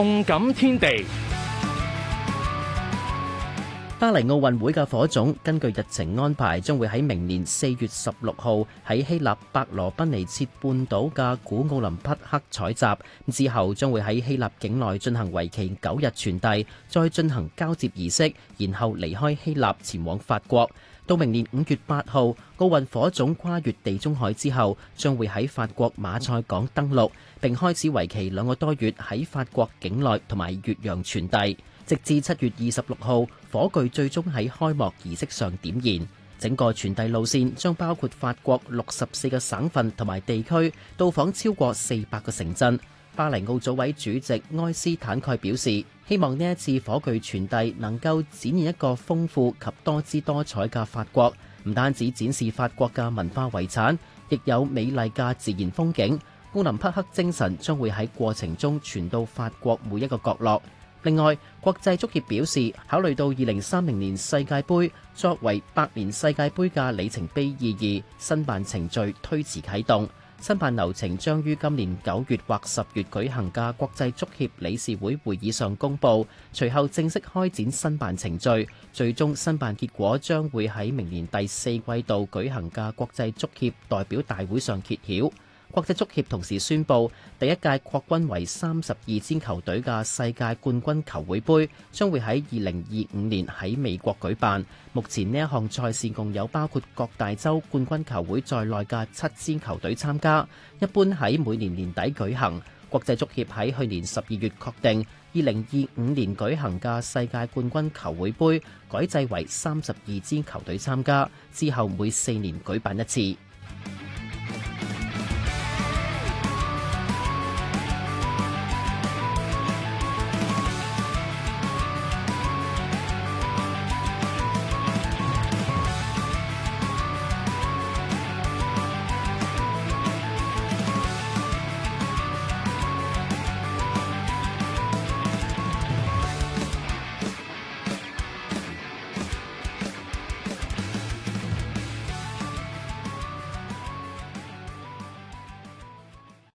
動感天地。巴黎奧運會嘅火種根據日程安排，將會喺明年四月十六號喺希臘伯羅奔尼撒半島嘅古奧林匹克採集，之後將會喺希臘境內進行為期九日傳遞，再進行交接儀式，然後離開希臘前往法國。到明年五月八號奧運火種跨越地中海之後將會喺法國馬賽港登陸，並開始為期兩個多月喺法國境內同埋越洋傳遞。直至七月二十六號，火炬最終喺開幕儀式上點燃。整個傳遞路線將包括法國六十四個省份同埋地區，到訪超過四百個城鎮。巴黎奧組委主席埃斯坦蓋表示，希望呢一次火炬傳遞能夠展現一個豐富及多姿多彩嘅法國，唔單止展示法國嘅文化遺產，亦有美麗嘅自然風景。奧林匹克精神將會喺過程中傳到法國每一個角落。另外，國際足協表示，考慮到二零三零年世界盃作為百年世界盃嘅里程碑意義，申辦程序推遲啟動。申辦流程將於今年九月或十月舉行嘅國際足協理事會會議上公佈，隨後正式開展申辦程序。最終申辦結果將會喺明年第四季度舉行嘅國際足協代表大會上揭曉。國際足協同時宣布，第一屆擴軍為三十二支球隊嘅世界冠軍球會杯將會喺二零二五年喺美國舉辦。目前呢一項賽事共有包括各大洲冠軍球會在內嘅七支球隊參加，一般喺每年年底舉行。國際足協喺去年十二月確定，二零二五年舉行嘅世界冠軍球會杯改制為三十二支球隊參加，之後每四年舉辦一次。